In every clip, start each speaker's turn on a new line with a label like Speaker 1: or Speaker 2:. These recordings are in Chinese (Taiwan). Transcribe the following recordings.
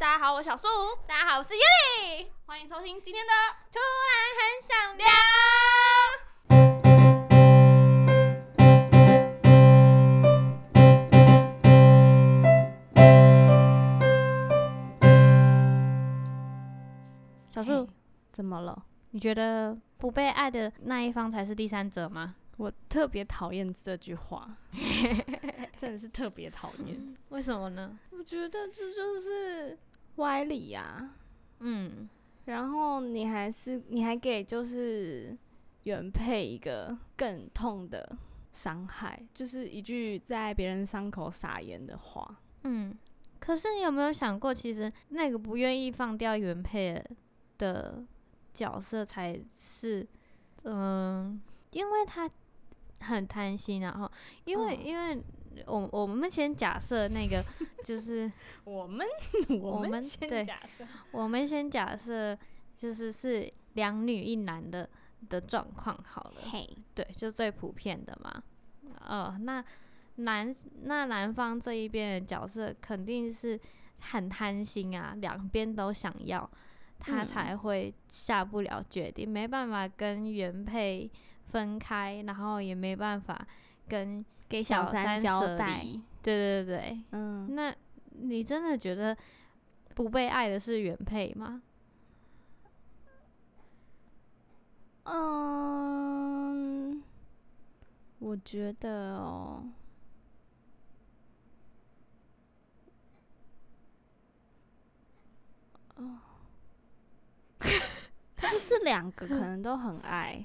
Speaker 1: 大家好，我小粟。大家好，我是 Yuli。歡迎收聽今天的《突然很想聊》想聊小樹。小、欸、粟，怎麼了？你覺得不被愛的那一方才是第三者嗎？我特別討厭這句話， 真的是特別討厭。為什麼呢？我覺得這就是。歪理呀、啊，嗯，然後你還是你還給就是原配一個更痛的傷害，就是一句在別人傷口撒鹽的話。嗯，可是你有沒有想過，其實那個不願意放掉原配的角色才是，嗯、呃，因為他很貪心、啊，然後因為、嗯、因為。我我們先假設那個 就是我們我們對，我們先假設就是是兩女一男的的狀況好了，對，就最普遍的嘛。哦，那男那男方這一邊的角色肯定是很貪心啊，兩邊都想要，他才會下不了決定，沒辦法跟原配分開，然後也沒辦法跟。給小三交代，對對對對，嗯，那你真的覺得不被愛的是原配嗎？嗯，我覺得哦，哦，就是兩個 可能都很愛。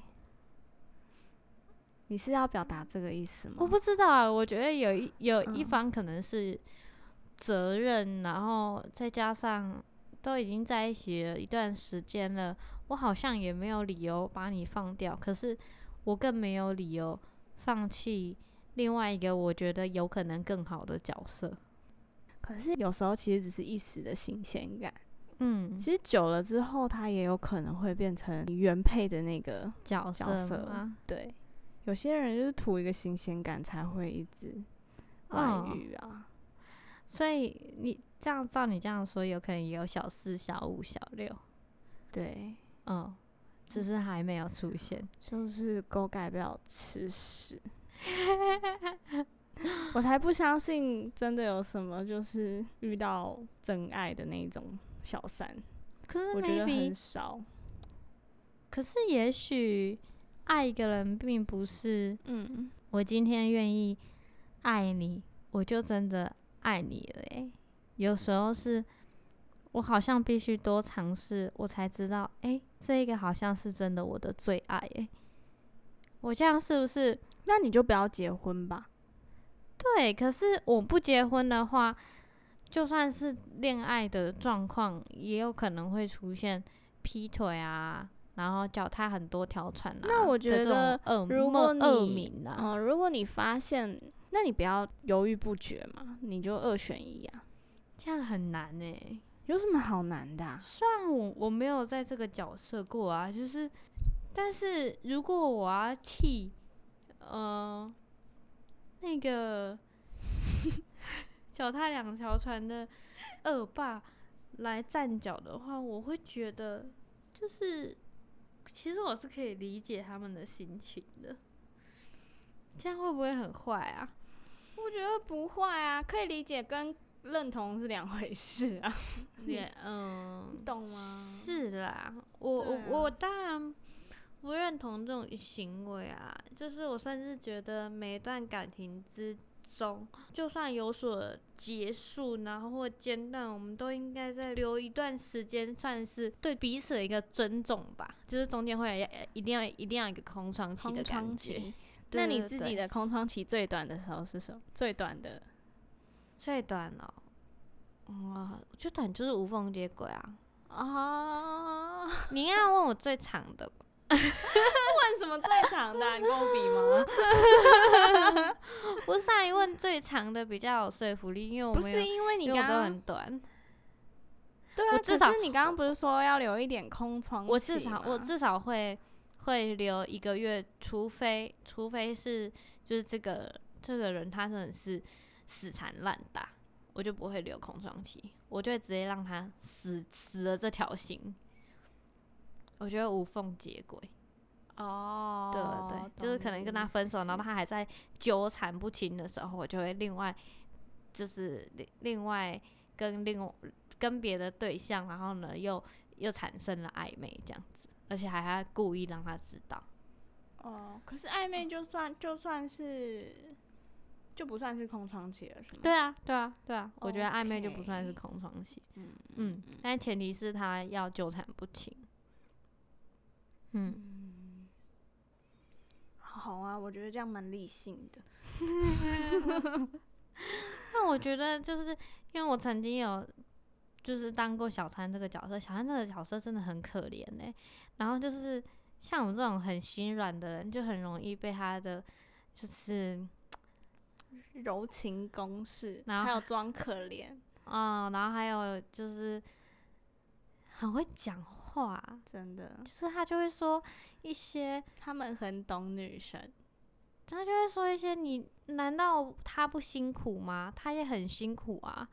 Speaker 1: 你是要表達這個意思嗎？我不知道啊，我覺得有一有一方可能是責任，嗯，然後再加上都已經在一起了一段時間了，我好像也沒有理由把你放掉，可是我更沒有理由放棄另外一個我覺得有可能更好的角色。可是有時候其實只是一時的新鮮感，嗯，其實久了之後，他也有可能會變成原配的那個角色，角色嗎？對。有些人就是圖一個新鮮感，才會一直外遇啊、哦。所以你這樣，照你這樣說，有可能也有小四、小五、小六，對，嗯、哦，只是還沒有出現。就是狗改不了吃屎， 我才不相信真的有什麼就是遇到真愛的那種小三。可是我覺得很少。可是也許。愛一個人並不是，我今天願意愛你、嗯，我就真的愛你了、欸。有時候是，我好像必須多嘗試，我才知道，哎、欸，這個好像是真的，我的最愛、欸。哎，我這樣是不是？那你就不要結婚吧。對，可是我不結婚的話，就算是戀愛的狀況，也有可能會出現劈腿啊。然後腳踏很多條船、啊、那我覺得嗯、呃，如果惡名啊，嗯、呃，如果你發現，那你不要猶豫不決嘛，你就二選一呀、啊。這樣很難呢、欸，有什麼好難的、啊？雖然我我沒有在這個角色過啊，就是，但是如果我要替，呃，那個 腳踏兩條船的惡霸來站腳的話，我會覺得就是。其實我是可以理解他們的心情的，這樣會不會很壞啊？我覺得不壞啊，可以理解跟認同是兩回事啊。也、yeah, 嗯，懂嗎？是啦，我、啊、我我當然不認同這種行為啊，就是我甚至覺得每一段感情之中就算有所結束，然後或間斷，我們都應該再留一段時間，算是對彼此的一個尊重吧。就是中間會要一定要一定要一個空窗期的感覺，空窗期對對對。那你自己的空窗期最短的時候是什麼？最短的，最短了、喔，哇、嗯，最短就是無縫接軌啊！啊、oh， 你應該要問我最長的吧。 問什麼最長的啊？ 你跟我比嗎？不是，我上一問最長的比較有說服力，因為我沒有，不是因為你剛剛很短。對啊，至少你剛剛不是說要留一點空窗期？我至少，我至少會會留一個月，除非除非是就是這個這個人他真的是死纏爛打，我就不會留空窗期，我就會直接讓他死死了這條心。我覺得無縫接軌，哦、oh，對對，就是可能跟他分手，然後他還在糾纏不清的時候，我就會另外就是另外跟另外跟別的對象，然後呢又又產生了曖昧這樣子，而且還故意讓他知道。哦、oh，可是曖昧就算、嗯、就算是就不算是空窗期了，是嗎？對啊，對啊，對啊，okay. 我覺得曖昧就不算是空窗期，okay. 嗯嗯，嗯，嗯，但前提是他要糾纏不清。嗯，好啊，我覺得這樣蠻理性的。那 我覺得就是因為我曾經有就是當過小三這個角色，小三這個角色真的很可憐呢、欸。然後就是像我們這種很心軟的人，就很容易被他的就是柔情攻勢，然後還有裝可憐啊、哦，然後還有就是很會講話真的，就是他就會說一些，他們很懂女生，他就會說一些你，你難道他不辛苦嗎？他也很辛苦啊，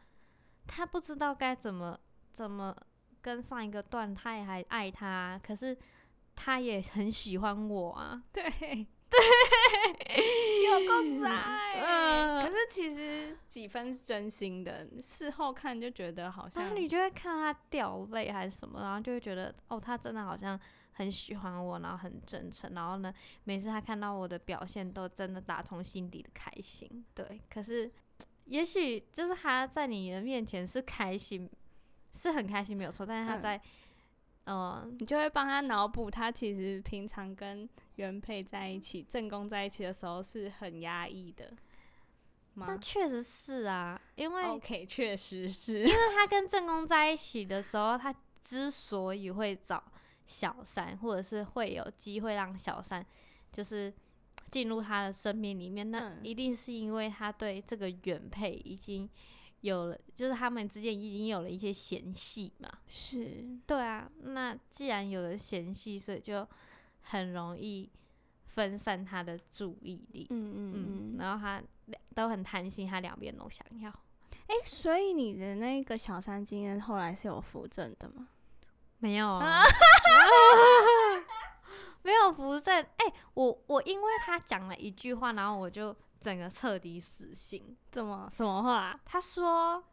Speaker 1: 他不知道該怎麼怎麼跟上一個段，他也還愛他啊，可是他也很喜歡我啊，對 對。老公仔，可是其實幾分是真心的，事後看就覺得好像。啊、你就會看他掉淚還是什麼，然後就會覺得哦，他真的好像很喜歡我，然後很真誠，然後呢，每次他看到我的表現都真的打從心底的開心。對，可是也許就是他在你的面前是開心，是很開心沒有錯，但是他在，嗯，呃、你就會幫他腦補，他其實平常跟。原配在一起，正宮在一起的時候是很壓抑的。那確實是啊，因為 OK，確實是。因為他跟正宮在一起的時候，他之所以會找小三，或者是會有機會讓小三就是進入他的生命裡面，那一定是因為他對這個原配已經有了，就是他們之間已經有了一些嫌隙嘛。是，對啊。那既然有了嫌隙，所以就。很容易分散他的注意力。嗯嗯嗯，嗯然後他都很貪心，他兩邊都想要。哎、欸，所以你的那個小三經驗後來是有扶正的嗎？沒有啊， 沒有扶正。哎、欸，我我因為他講了一句話，然後我就整個徹底死心。怎麼？什麼話？他說，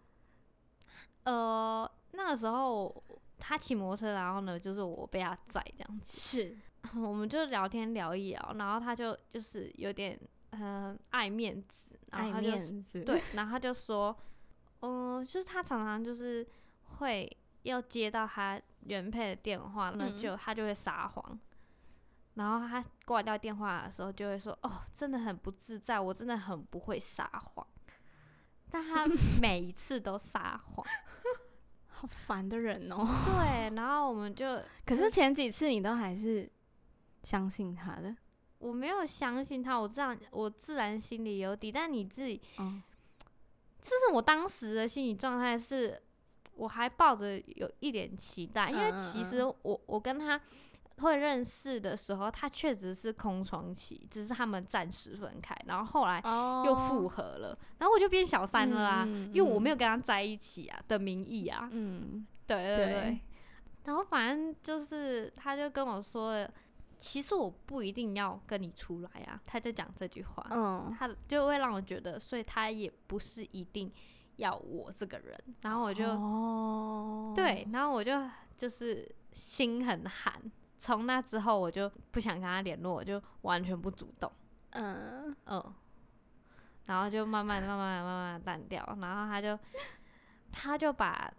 Speaker 1: 呃，那個時候他騎摩托車，然後呢，就是我被他載這樣子。是。 我們就聊天聊一聊，然後他就就是有點嗯、呃、愛面子，然後他就愛面子對，然後他就說， 嗯，就是他常常就是會要接到他原配的電話，那就他就會撒謊，然後他掛掉電話的時候就會說，哦，真的很不自在，我真的很不會撒謊，但他每一次都撒謊， 好煩的人哦。對，然後我們就，可是前幾次你都還是。相信他的，我沒有相信他，我這樣我自然心裡有底，但你自己，嗯，就是我當時的心理狀態，是我還抱着有一點期待，因為其實我、uh. 我跟他會認識的時候，他確實是空窗期，只是他們暫時分開，然後後來又復合了，oh. 然後我就變小三了啊，mm -hmm. 因為我沒有跟他在一起啊的名義啊，嗯、mm -hmm.，對對對，對，然後反正就是他就跟我說了其實我不一定要跟你出來啊，他就講這句話，嗯，他就會讓我覺得，所以他也不是一定要我這個人，然後我就，哦，對，然後我就就是心很寒，從那之後我就不想跟他聯絡，我就完全不主動，嗯嗯，然後就慢慢慢慢慢慢淡掉，然後他就他就把。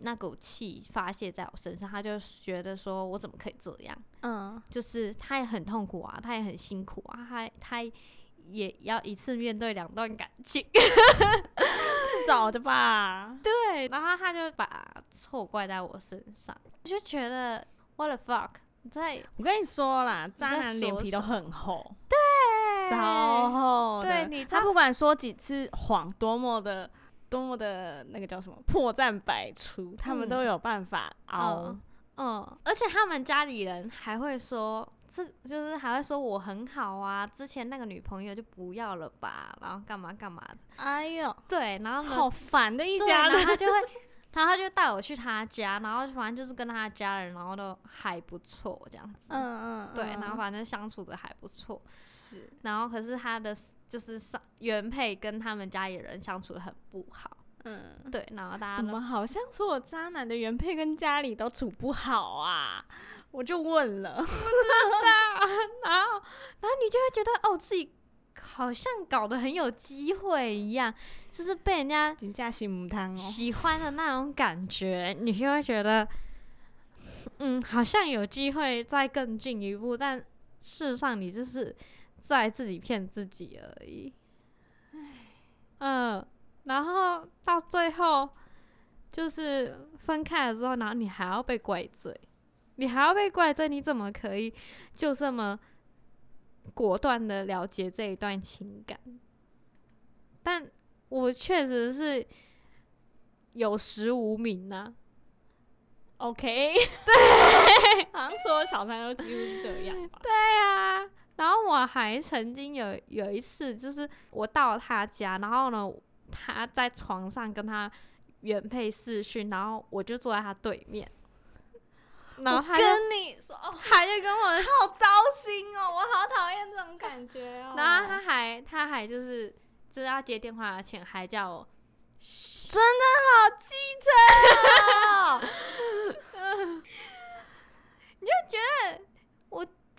Speaker 1: 那股氣發洩在我身上，他就覺得說我怎麼可以這樣？嗯，就是他也很痛苦啊，他也很辛苦啊，他他也要一次面對兩段感情，自 找的吧？對，然後他就把錯怪在我身上，我就覺得 What the fuck？在我跟你說啦，渣男臉皮都很厚，對，超厚，對，你，他不管說幾次謊，多麼的。多麼的那個叫什麼破綻百出，他們都有辦法啊嗯、oh. 嗯，嗯，而且他們家裡人還會說，這就是還會說我很好啊，之前那個女朋友就不要了吧，然後幹嘛幹嘛的。哎呦，對，然後好煩的一家人，他就會，然後他就帶我去他家， 然後反正就是跟的他家人，然後都還不錯這樣子。嗯嗯。對，然後反正相處的還不錯。是。然後可是他的。就是上原配跟他們家裡人相處得很不好，嗯，對，然後大家怎麼好像所有渣男的原配跟家裡都處不好啊？我就問了， 然後然後你就會覺得哦，自己好像搞得很有機會一樣，就是被人家喜歡的那種感覺，你就會覺得嗯，好像有機會再更進一步，但事實上你就是。在自己騙自己而已，嗯，然後到最後就是分開了之後，然後你還要被怪罪，你還要被怪罪，你怎麼可以就這麼果斷的了結這一段情感？但我確實是有實無名吶、啊。OK，對， 好像所有小三都幾乎是這樣吧？對啊。然後我還曾經有有一次，就是我到他家，然後呢，他在床上跟他原配視訊，然後我就坐在他對面，然後我跟你說，還就跟我好糟心哦，我好討厭這種感覺哦！然後他還他還就是就是要接電話前還叫我，真的好機車哦！ 你就覺得我。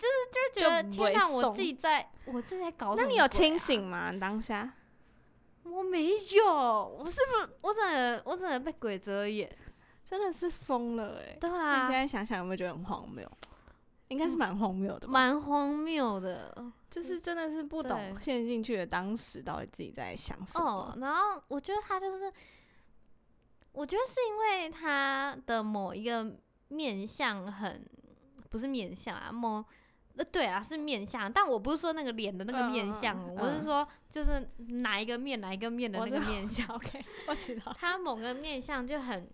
Speaker 1: 就是就是覺得天吶，我自己在，我自己在搞什麼啊？那你有清醒嗎？當下我沒有，我是，是不是？我真的，我真的被鬼遮眼，真的是瘋了哎、欸！對啊，那你現在想想有沒有覺得很荒謬？應該是蠻荒謬的，蠻荒謬的，就是真的是不懂陷進去的當時到底自己在想什麼。哦，oh, 然後我覺得他就是，我覺得是因為他的某一個面相很，不是面相啊，某。呃，對啊，是面相，但我不是說那個臉的那個面相，嗯嗯、我是說就是哪一個面，哪一個面的那個面相。OK，我知道。他、 okay, 某個面相就很，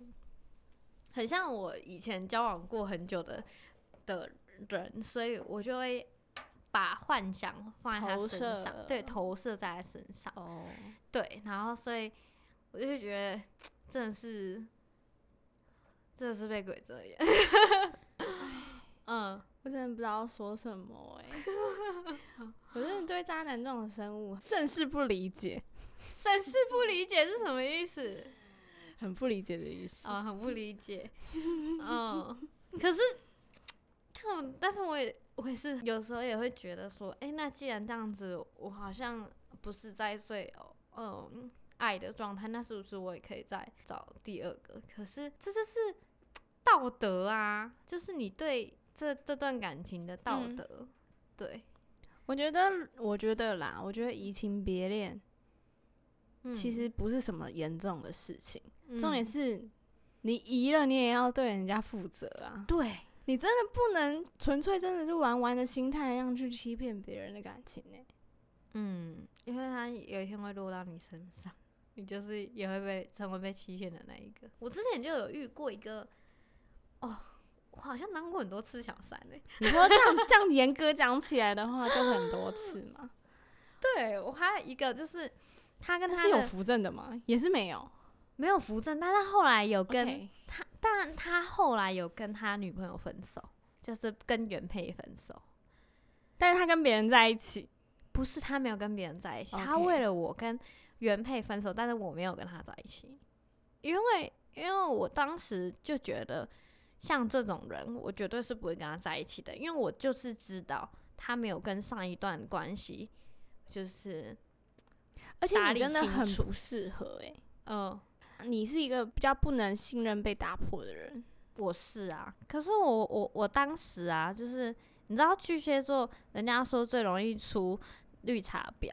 Speaker 1: 很像我以前交往過很久的的人，所以我就會把幻想放在他身上，對，投射在他身上。哦。對，然後所以我就覺得真的是，真的是被鬼遮眼。 嗯。我真的不知道說什麼哎、欸， 我真的對渣男這種生物甚是不理解。甚是不理解是什麼意思？ 很不理解的意思啊、哦，很不理解。 嗯，可是、嗯，但是我也，我也是有時候也會覺得說，哎、欸，那既然這樣子，我好像不是在最嗯愛的狀態，那是不是我也可以再找第二個？可是這就是道德啊，就是你對。這這段感情的道德、嗯，對，我覺得，我覺得啦，我覺得移情別戀、嗯，其實不是什麼嚴重的事情。嗯、重點是，你移了，你也要對人家負責啊。對，你真的不能純粹真的是玩玩的心態一樣去欺騙別人的感情呢、欸。嗯，因為他有一天會落到你身上，你就是也會被成為被欺騙的那一個。我之前就有遇過一個，哦。好像當過很多次小三呢、欸。 你說這樣這樣嚴格講起來的話，就很多次嘛？ 對，我還有一個，就是他跟他，他是有扶正的嗎？也是沒有，沒有扶正。但是後來有跟、okay. 他，但他後來有跟他女朋友分手，就是跟原配分手。 但是他跟別人在一起，不是他沒有跟別人在一起，okay. 他為了我跟原配分手，但是我沒有跟他在一起，因為因為我當時就覺得。像這種人，我絕對是不會跟他在一起的，因為我就是知道他沒有跟上一段關係，就是而且你真的很不適合誒、欸。嗯、呃，你是一個比較不能信任被打破的人，我是啊，可是我我我當時啊，就是你知道巨蟹座，人家說最容易出綠茶婊，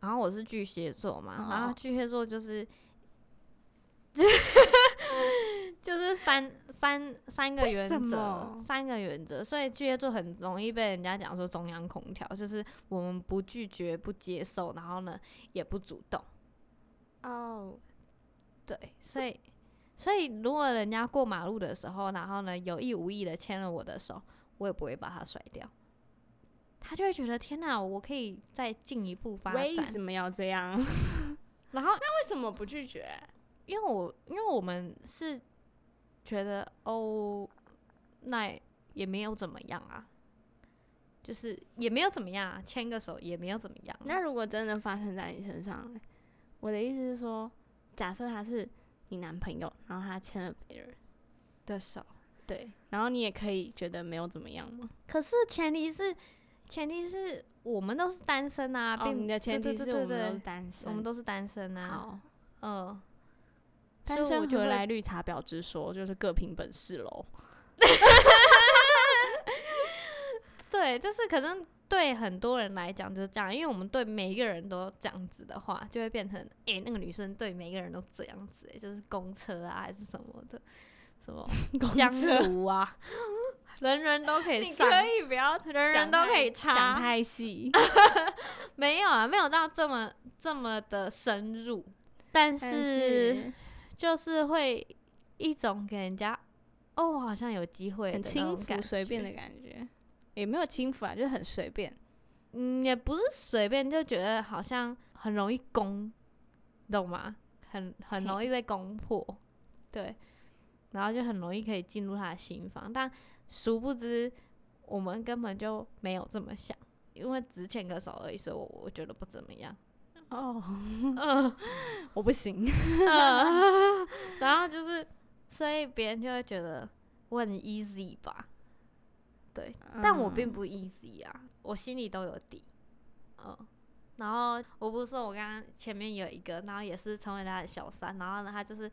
Speaker 1: 然後我是巨蟹座嘛，然後巨蟹座就是、嗯、 就是三。三三個原則，三個原則，所以巨蟹座很容易被人家講說中央空調，就是我們不拒絕、不接受，然後呢，也不主動。哦、oh，對，所以所以如果人家過馬路的時候，然後呢有意無意的牽了我的手，我也不會把他甩掉。他就會覺得天哪，啊，我可以再進一步發展。為什麼要這樣？ 然後那為什麼不拒絕？因為我因為我們是。覺得哦，那也沒有怎麼樣啊，就是也沒有怎麼樣，啊，牽個手也沒有怎麼樣，啊。那如果真的發生在你身上，我的意思是說，假設他是你男朋友，然後他牽了別人的手，對，然後你也可以覺得沒有怎麼樣嘛。可是前提是前提是我們都是單身啊，哦、併你的前提是對對對對對，我們都是單身，我們都是單身啊。哦。好、嗯、呃。但是我覺得來綠茶婊之說就是各憑本事嘍。對，就是可能對很多人來講就是這樣，因為我們對每一個人都這樣子的話，就會變成哎、欸，那個女生對每一個人都這樣子、欸，就是公車啊還是什麼的，什麼江湖、啊、公車啊，人人都可以上，你可以不要，人人都可以唱，講太細， 沒有啊，沒有到這麼這麼的深入，但是。但是就是會一種給人家，哦，好像有機會，很輕浮隨便的感覺，也沒有輕浮啊，就很隨便，嗯，也不是隨便，就覺得好像很容易攻，懂嗎？很很容易被攻破，對，然後就很容易可以進入他的心房，但殊不知我們根本就沒有這麼想，因為只牽個手而已，所以我我覺得不怎麼樣。哦，嗯，我不行、uh,， 然後就是，所以別人就會覺得我很 easy 吧，對，um, 但我並不 easy 啊，我心裡都有底，嗯、uh,，然後我不是說，我剛剛前面有一個，然後也是成為他的小三，然後呢，他就是，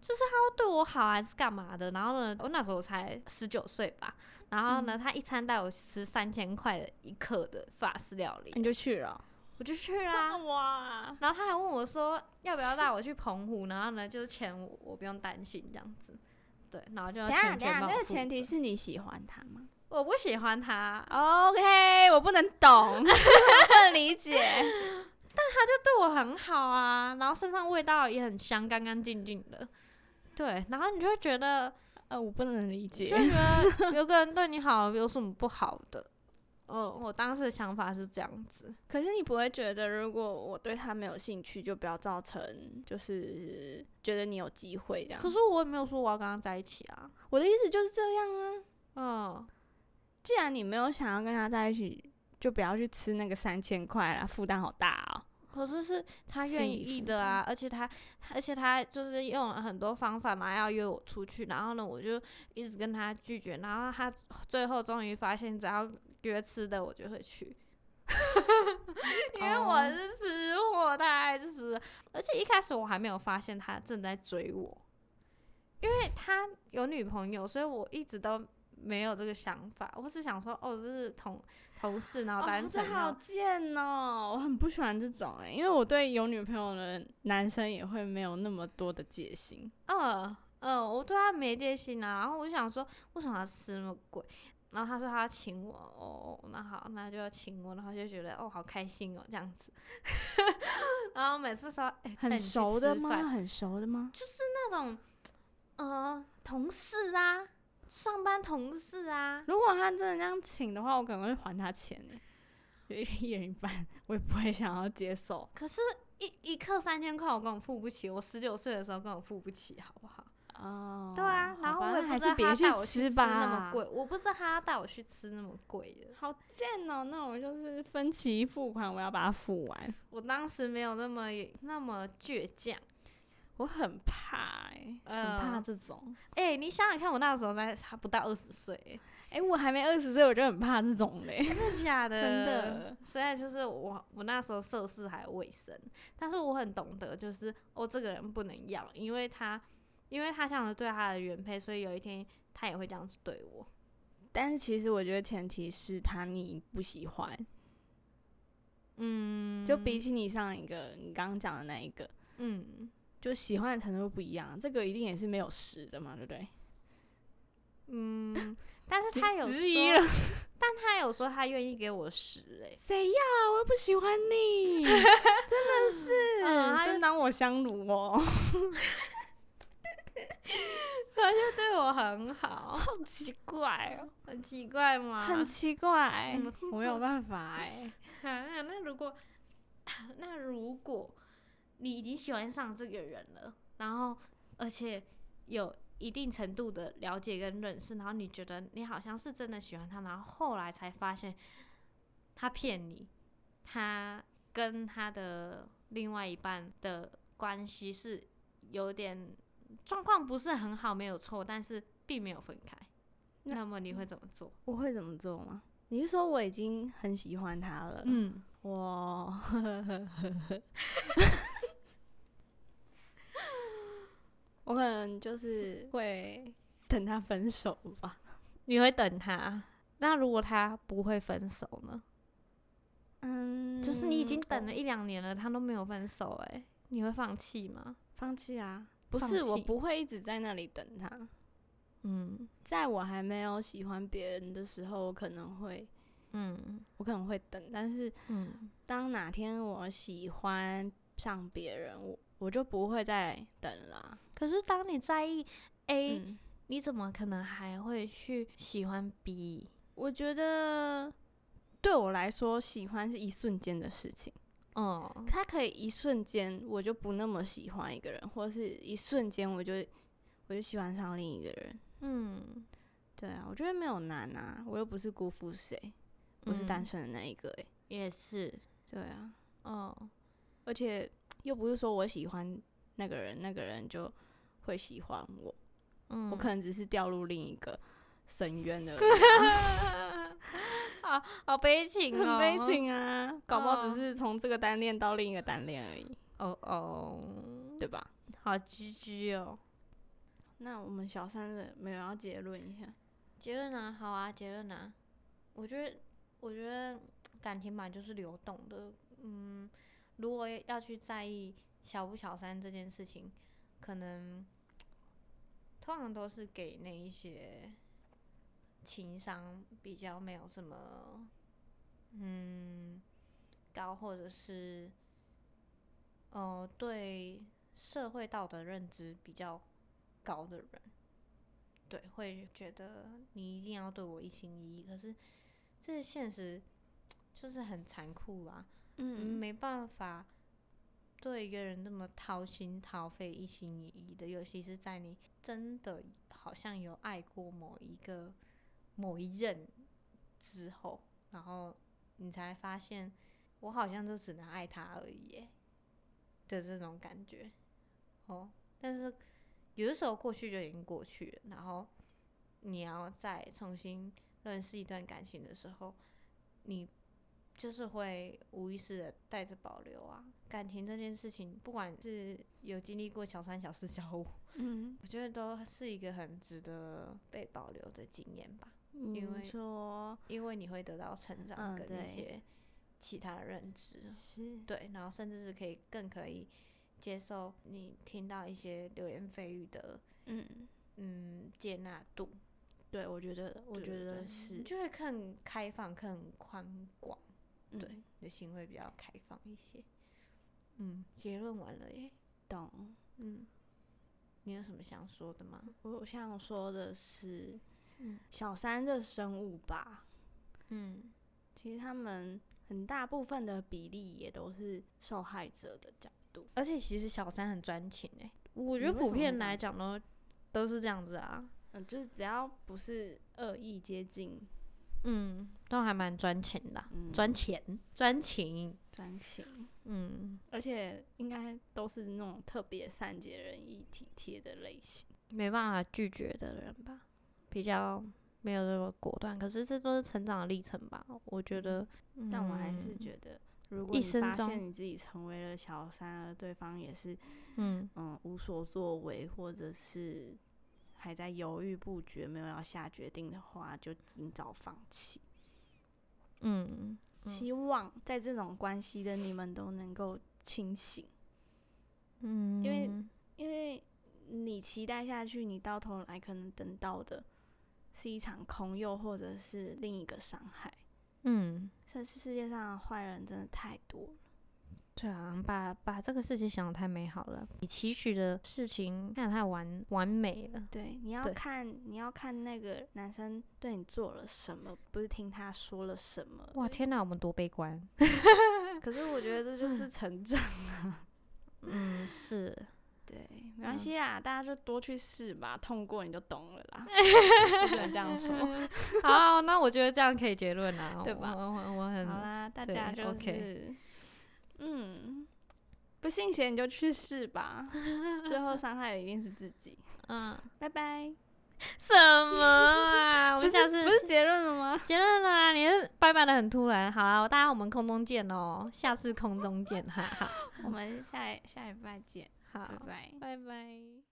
Speaker 1: 就是他要對我好還是幹嘛的，然後呢，我那時候才十九歲吧，然後呢，嗯、他一餐帶我吃三千塊的一客的法式料理，你就去了。我就去啦，然後他還問我說要不要帶我去澎湖，然後呢，就是錢我，我不用擔心這樣子，對，然後就要全全包。那個前提是你喜歡他嗎？我不喜歡他。OK，我不能懂 理解。但他就對我很好啊，然後身上味道也很香，乾乾淨淨的。對，然後你就會覺得，呃，我不能理解，就覺得有個人對你好有什麼不好的？哦，我當時的想法是這樣子，可是你不會覺得，如果我對他沒有興趣，就不要造成就是覺得你有機會這樣。可是我也沒有說我要跟他在一起啊，我的意思就是這樣啊。哦，既然你沒有想要跟他在一起，就不要去吃那個三千塊了，負擔好大哦。可是是他願意的啊，而且他而且他就是用了很多方法嘛，要約我出去，然後呢，我就一直跟他拒絕，然後他最後終於發現只要。覺得吃的我就會去， 因為我是吃貨，oh. 我太愛吃。而且一開始我還沒有發現他正在追我，因為他有女朋友，所以我一直都沒有這個想法。我是想說，哦，這是同同事腦癱，然後 oh, 然後是好賤哦、喔！我很不喜歡這種、欸，哎，因為我對有女朋友的男生也會沒有那麼多的戒心。嗯嗯，我對他沒戒心啊。然後我就想說，為什麼他吃那麼貴？然後他說他要請我哦，那好，那就要請我，然後就覺得哦好開心哦這樣子， 然後每次說哎，帶你去吃飯、欸、很熟的嗎？很熟的嗎？就是那種呃同事啊，上班同事啊。如果他真的這樣請的話，我可能會還他錢哎，一人一人一半，我也不會想要接受。可是一，一一克三千塊，我根本付不起。我十九歲的時候根本付不起，好不好？哦、oh,，對啊，然後我也不知道他帶我去吃那麼貴，我不知道他帶我去吃那麼貴的，好賤哦、喔！那我就是分期付款，我要把它付完。我當時沒有那麼那麼倔強，我很怕誒、欸，很怕這種。誒、呃欸。你想想看，我那個時候才還不到二十歲，誒、欸，我還沒二十歲，我就很怕這種嘞，欸、種 真的假的？真的。雖然就是我我那時候涉世還未深，但是我很懂得，就是哦，這個人不能要，因為他。因為他想着對他的原配，所以有一天他也會這樣子對我。但是其實我覺得前提是他，你不喜歡，嗯，就比起你上一個你剛剛講的那一個，嗯，就喜歡的程度不一樣，這個一定也是沒有十的嘛，對不對？嗯，但是他有質疑了，但他有說他願意給我十哎、欸，誰呀？我又不喜歡你， 真的是、啊、就真當我香爐哦、喔。 他就對我很好，好奇怪哦，很奇怪嗎？很奇怪。我有辦法哎 啊。那如果那如果你已經喜歡上這個人了，然後而且有一定程度的了解跟認識，然後你覺得你好像是真的喜歡他，然後後來才發現他騙你，他跟他的另外一半的關係是有點。狀況不是很好，沒有錯，但是並沒有分開那，那麼你會怎麼做？我會怎麼做嗎？你是說我已經很喜歡他了？嗯，我， 我可能就是會等他分手吧。你會等他？那如果他不會分手呢？嗯，就是你已經等了一兩年了，他都沒有分手，欸，哎，你會放棄嗎？放棄啊。不是，我不會一直在那裡等他。嗯，在我還沒有喜歡別人的時候，我可能會，嗯，我可能會等。但是，嗯，當哪天我喜歡上別人，我我就不會再等了啊。可是，當你在意 A，嗯，你怎麼可能還會去喜歡 B？我覺得對我來說，喜歡是一瞬間的事情。哦、oh.，他可以一瞬間，我就不那麼喜歡一個人，或者是一瞬間，我就我就喜歡上另一個人。嗯，對啊，我覺得沒有難啊，我又不是辜負誰，我是單純的那一個誒、欸嗯。也是，對啊，哦、oh.，而且又不是說我喜歡那個人，那個人就會喜歡我。嗯，我可能只是掉入另一個深淵的。啊，好悲情啊，哦，很悲情啊，哦，搞不好只是從這個單戀到另一個單戀而已。哦哦，對吧？好 GG 哦。那我們小三的，我們要結論一下。結論啊，好啊，結論啊。我覺得，我覺得感情嘛，就是流動的。嗯，如果要去在意小不小三這件事情，可能通常都是給那一些。情商比較沒有什麼，嗯，高，或者是，哦、呃，對社會道德認知比較高的人，對，會覺得你一定要對我一心一意。可是，這現實就是很殘酷啊，嗯嗯，嗯，沒辦法，對一個人那麼掏心掏肺，一心一意的，尤其是在你真的好像有愛過某一個某一任之後，然後你才發現，我好像就只能愛他而已耶的這種感覺。哦，但是有的時候過去就已經過去了，然後你要再重新認識一段感情的時候，你就是會無意識的帶着保留啊。感情這件事情，不管是有經歷過小三、小四、小五，嗯， 我覺得都是一個很值得被保留的經驗吧。因為說，因為你會得到成長跟一些其他的認知，嗯、對是對，然後甚至是可以更可以接受你聽到一些流言蜚語的，嗯嗯，接納度，對我覺得，我覺得是，就會更開放，更寬廣，對，嗯、你的心會比較開放一些。嗯，結論完了耶，懂。嗯，你有什麼想說的嗎？我我想說的是。嗯、小三這生物吧，嗯，其實他們很大部分的比例也都是受害者的角度，而且其實小三很專情誒、欸，我覺得普遍來講呢都，都是這樣子啊，嗯，就是只要不是惡意接近，嗯，都還蠻專情的，專、嗯、情，專情，專情，嗯，而且應該都是那種特別善解人意、體貼的類型，沒辦法拒絕的人吧。比較沒有那麼果斷，可是這都是成長的歷程吧。我覺得，嗯，但我還是覺得，嗯，如果你發現你自己成為了小三，而對方也是，嗯，嗯，無所作為，或者是還在猶豫不決，沒有要下決定的話，就儘早放棄，嗯。嗯，希望在這種關係的你們都能夠清醒。嗯，因為因為你期待下去，你到頭來可能等到的。是一場空，又或者是另一個傷害。嗯，這世界上壞人真的太多了。對啊，把把這個事情想得太美好了，你期許的事情看得太完完美了。對，你要看你要看那個男生對你做了什麼，不是聽他說了什麼。哇，天哪啊，我們多悲觀。 可是我覺得這就是成長啊。嗯，是。對，沒關係啦、嗯，大家就多去試吧，痛過你就懂了啦。 不能這樣說。 好、啊，那我覺得這樣可以結論啦，對吧？我我很好啦，大家就是，okay、嗯，不信邪你就去試吧， 最後傷害的一定是自己。嗯，拜拜。什麼啊？ 我們下次不是結論了嗎？結論了啦，你拜拜的很突然。好啦，我大家，我們空中見哦， 下次空中見，哈哈。 我們下下禮拜見。好，拜拜。